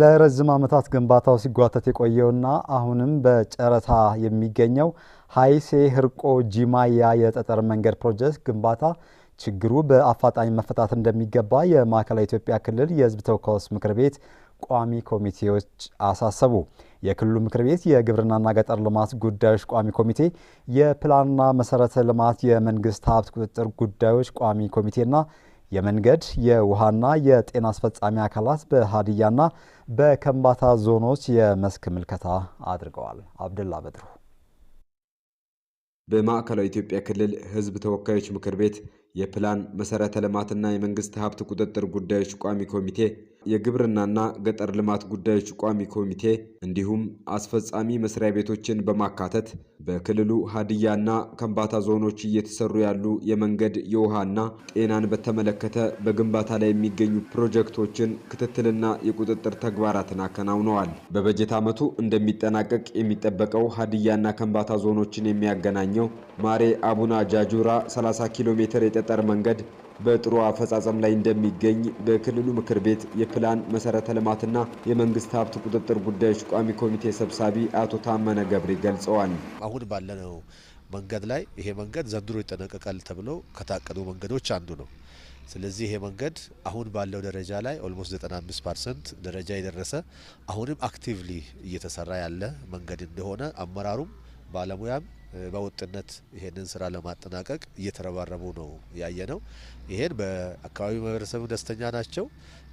ለረዝም ዓመታት ግንባታው ሲጓተት የቆየውና አሁንም በጨረታ የሚገኘው ሀይሴ ህርቆ ጂማያ የጠጠር መንገድ ፕሮጀክት ግንባታ ችግሩ በአፋጣኝ መፈታት እንደሚገባ የማዕከላዊ ኢትዮጵያ ክልል የህዝብ ተወካዮች ምክር ቤት ቋሚ ኮሚቴዎች አሳሰቡ። የክልሉ ምክር ቤት የግብርናና ገጠር ልማት ጉዳዮች ቋሚ ኮሚቴ፣ የፕላንና መሰረተ ልማት፣ የመንግስት ሀብት ቁጥጥር ጉዳዮች ቋሚ ኮሚቴና የመንገድ የውሃና የጤና አስፈጻሚ አካላት በሀዲያና በከምባታ ዞኖች የመስክ ምልከታ አድርገዋል። አብደላ በድሩ በማዕከላዊ ኢትዮጵያ ክልል ሕዝብ ተወካዮች ምክር ቤት የፕላን መሰረተ ልማትና የመንግስት ሀብት ቁጥጥር ጉዳዮች ቋሚ ኮሚቴ የግብርናና ገጠር ልማት ጉዳዮች ቋሚ ኮሚቴ እንዲሁም አስፈጻሚ መስሪያ ቤቶችን በማካተት በክልሉ ሀዲያና ከምባታ ዞኖች እየተሰሩ ያሉ የመንገድ የውሃና ጤናን በተመለከተ በግንባታ ላይ የሚገኙ ፕሮጀክቶችን ክትትልና የቁጥጥር ተግባራትን አከናውነዋል። በበጀት ዓመቱ እንደሚጠናቀቅ የሚጠበቀው ሀዲያና ከምባታ ዞኖችን የሚያገናኘው ማሬ አቡና ጃጁራ 30 ኪሎ ሜትር የጠጠር መንገድ በጥሩ አፈጻጸም ላይ እንደሚገኝ በክልሉ ምክር ቤት የፕላን መሰረተ ልማትና የመንግስት ሀብት ቁጥጥር ጉዳዮች ቋሚ ኮሚቴ ሰብሳቢ አቶ ታመነ ገብሪ ገልጸዋል። አሁን ባለነው መንገድ ላይ ይሄ መንገድ ዘንድሮ ይጠናቀቃል ተብሎ ከታቀዱ መንገዶች አንዱ ነው። ስለዚህ ይሄ መንገድ አሁን ባለው ደረጃ ላይ ኦልሞስት 95 ፐርሰንት ደረጃ የደረሰ አሁንም አክቲቭሊ እየተሰራ ያለ መንገድ እንደሆነ አመራሩም ባለሙያም በውጥነት ይሄንን ስራ ለማጠናቀቅ እየተረባረቡ ነው ያየ ነው። ይሄን በአካባቢው ማህበረሰቡ ደስተኛ ናቸው።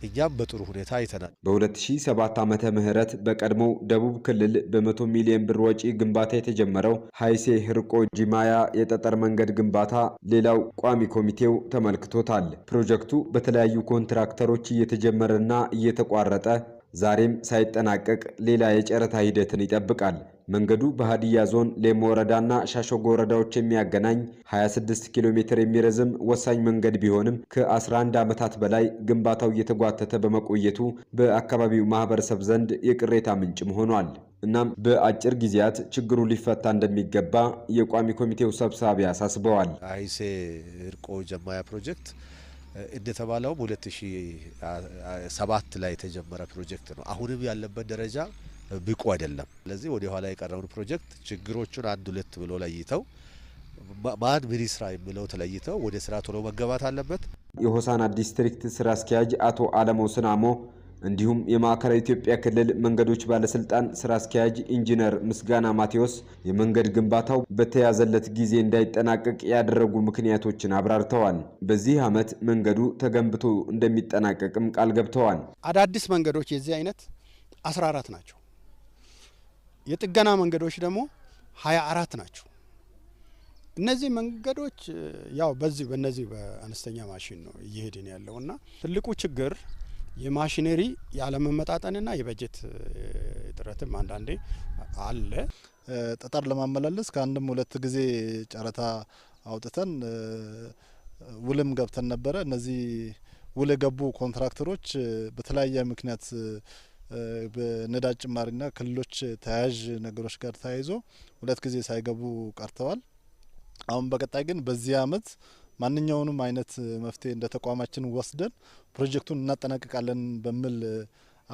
እኛም በጥሩ ሁኔታ አይተናል። በ2007 ዓመተ ምህረት በቀድሞው ደቡብ ክልል በ100 ሚሊዮን ብር ወጪ ግንባታ የተጀመረው ሀይሴ ህርቆ ጂማያ የጠጠር መንገድ ግንባታ ሌላው ቋሚ ኮሚቴው ተመልክቶታል። ፕሮጀክቱ በተለያዩ ኮንትራክተሮች እየተጀመረና እየተቋረጠ ዛሬም ሳይጠናቀቅ ሌላ የጨረታ ሂደትን ይጠብቃል። መንገዱ በሀዲያ ዞን ሌሞ ወረዳና ሻሾጎ ወረዳዎች የሚያገናኝ 26 ኪሎ ሜትር የሚረዝም ወሳኝ መንገድ ቢሆንም ከ11 ዓመታት በላይ ግንባታው እየተጓተተ በመቆየቱ በአካባቢው ማህበረሰብ ዘንድ የቅሬታ ምንጭም ሆኗል። እናም በአጭር ጊዜያት ችግሩ ሊፈታ እንደሚገባ የቋሚ ኮሚቴው ሰብሳቢ አሳስበዋል። አይሴ እርቆ ጀማያ ፕሮጀክት እንደተባለውም 2007 ላይ የተጀመረ ፕሮጀክት ነው። አሁንም ያለበት ደረጃ ብቁ አይደለም። ስለዚህ ወደ ኋላ የቀረቡት ፕሮጀክት ችግሮቹን አንድ ሁለት ብሎ ለይተው ማን ምን ስራ የሚለው ተለይተው ወደ ስራ ቶሎ መገባት አለበት። የሆሳና ዲስትሪክት ስራ አስኪያጅ አቶ አለሞ ስናሞ እንዲሁም የማዕከላዊ ኢትዮጵያ ክልል መንገዶች ባለስልጣን ስራ አስኪያጅ ኢንጂነር ምስጋና ማቴዎስ የመንገድ ግንባታው በተያዘለት ጊዜ እንዳይጠናቀቅ ያደረጉ ምክንያቶችን አብራርተዋል። በዚህ ዓመት መንገዱ ተገንብቶ እንደሚጠናቀቅም ቃል ገብተዋል። አዳዲስ መንገዶች የዚህ አይነት 14 ናቸው። የጥገና መንገዶች ደግሞ ሀያ አራት ናቸው። እነዚህ መንገዶች ያው በዚህ በእነዚህ በአነስተኛ ማሽን ነው እየሄድን ያለው እና ትልቁ ችግር የማሽነሪ ያለመመጣጠንና የበጀት እጥረትም አንዳንዴ አለ። ጠጠር ለማመላለስ ከአንድም ሁለት ጊዜ ጨረታ አውጥተን ውልም ገብተን ነበረ። እነዚህ ውል የገቡ ኮንትራክተሮች በተለያየ ምክንያት በነዳጅ ጭማሪና ከሌሎች ተያያዥ ነገሮች ጋር ተያይዞ ሁለት ጊዜ ሳይገቡ ቀርተዋል። አሁን በቀጣይ ግን በዚህ አመት ማንኛውንም አይነት መፍትሄ እንደ ተቋማችን ወስደን ፕሮጀክቱን እናጠናቅቃለን በሚል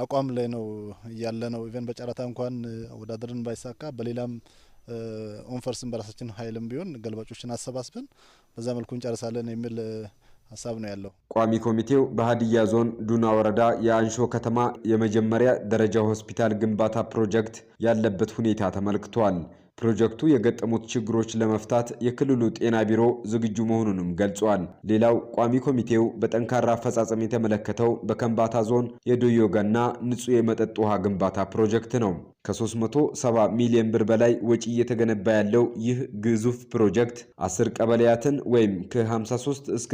አቋም ላይ ነው ያለ ነው። ኢቨን በጨረታ እንኳን ወዳደርን ባይሳካ በሌላም ኦንፈርስን በራሳችን ኃይልም ቢሆን ገልባጮችን አሰባስበን በዛ መልኩ እንጨርሳለን የሚል ሀሳብ ነው ያለው። ቋሚ ኮሚቴው በሀዲያ ዞን ዱና ወረዳ የአንሾ ከተማ የመጀመሪያ ደረጃ ሆስፒታል ግንባታ ፕሮጀክት ያለበት ሁኔታ ተመልክቷል። ፕሮጀክቱ የገጠሙት ችግሮች ለመፍታት የክልሉ ጤና ቢሮ ዝግጁ መሆኑንም ገልጿል። ሌላው ቋሚ ኮሚቴው በጠንካራ አፈጻጸም የተመለከተው በከንባታ ዞን የዶዮጋና ንጹህ የመጠጥ ውሃ ግንባታ ፕሮጀክት ነው። ከ370 ሚሊዮን ብር በላይ ወጪ እየተገነባ ያለው ይህ ግዙፍ ፕሮጀክት አስር ቀበሌያትን ወይም ከ53 እስከ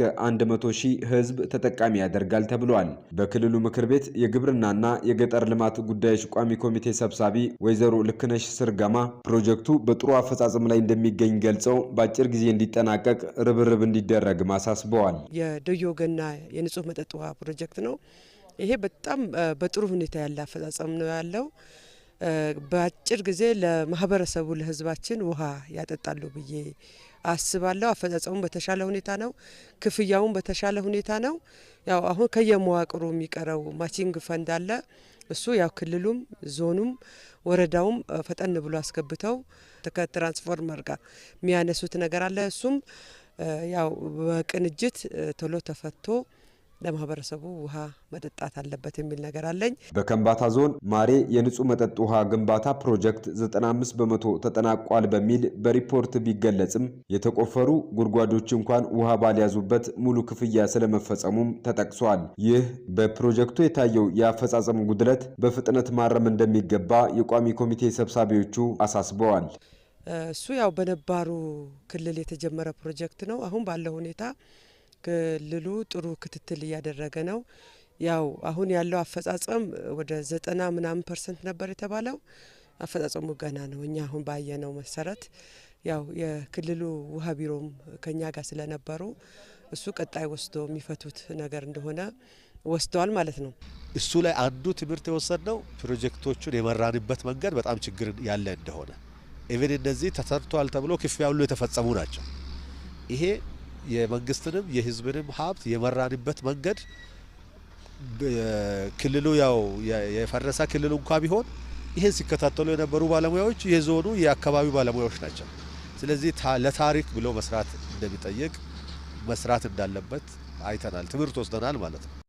100 ሺህ ሕዝብ ተጠቃሚ ያደርጋል ተብሏል። በክልሉ ምክር ቤት የግብርናና የገጠር ልማት ጉዳዮች ቋሚ ኮሚቴ ሰብሳቢ ወይዘሮ ልክነሽ ስርገማ ፕሮጀክቱ በጥሩ አፈጻጸም ላይ እንደሚገኝ ገልጸው በአጭር ጊዜ እንዲጠናቀቅ ርብርብ እንዲደረግም አሳስበዋል። የዶዮ ገና የንጹህ መጠጥ ውሃ ፕሮጀክት ነው። ይሄ በጣም በጥሩ ሁኔታ ያለ አፈጻጸም ነው ያለው በአጭር ጊዜ ለማህበረሰቡ ለህዝባችን ውሃ ያጠጣሉ ብዬ አስባለሁ። አፈጻጸሙ በተሻለ ሁኔታ ነው። ክፍያውም በተሻለ ሁኔታ ነው። ያው አሁን ከየመዋቅሩ የሚቀረው ማቺንግ ፈንድ አለ። እሱ ያው ክልሉም ዞኑም ወረዳውም ፈጠን ብሎ አስገብተው ከትራንስፎርመር ጋር የሚያነሱት ነገር አለ። እሱም ያው በቅንጅት ቶሎ ተፈቶ ለማህበረሰቡ ውሃ መጠጣት አለበት የሚል ነገር አለኝ። በከምባታ ዞን ማሬ የንጹህ መጠጥ ውሃ ግንባታ ፕሮጀክት 95 በመቶ ተጠናቋል በሚል በሪፖርት ቢገለጽም የተቆፈሩ ጉድጓዶች እንኳን ውሃ ባልያዙበት ሙሉ ክፍያ ስለመፈጸሙም ተጠቅሷል። ይህ በፕሮጀክቱ የታየው የአፈጻጸም ጉድለት በፍጥነት ማረም እንደሚገባ የቋሚ ኮሚቴ ሰብሳቢዎቹ አሳስበዋል። እሱ ያው በነባሩ ክልል የተጀመረ ፕሮጀክት ነው። አሁን ባለው ሁኔታ ክልሉ ጥሩ ክትትል እያደረገ ነው። ያው አሁን ያለው አፈጻጸም ወደ ዘጠና ምናምን ፐርሰንት ነበር የተባለው። አፈጻጸሙ ገና ነው። እኛ አሁን ባየነው መሰረት ያው የክልሉ ውሃ ቢሮም ከኛ ጋር ስለነበሩ እሱ ቀጣይ ወስዶ የሚፈቱት ነገር እንደሆነ ወስደዋል ማለት ነው። እሱ ላይ አንዱ ትምህርት የወሰድነው ፕሮጀክቶቹን የመራንበት መንገድ በጣም ችግር ያለ እንደሆነ ኢቨን እነዚህ ተሰርተዋል ተብሎ ክፍያ ሁሉ የተፈጸሙ ናቸው። ይሄ የመንግስትንም የህዝብንም ሀብት የመራንበት መንገድ ክልሉ ያው የፈረሰ ክልሉ እንኳ ቢሆን ይህን ሲከታተሉ የነበሩ ባለሙያዎች የዞኑ የአካባቢ ባለሙያዎች ናቸው። ስለዚህ ለታሪክ ብሎ መስራት እንደሚጠይቅ መስራት እንዳለበት አይተናል፣ ትምህርት ወስደናል ማለት ነው።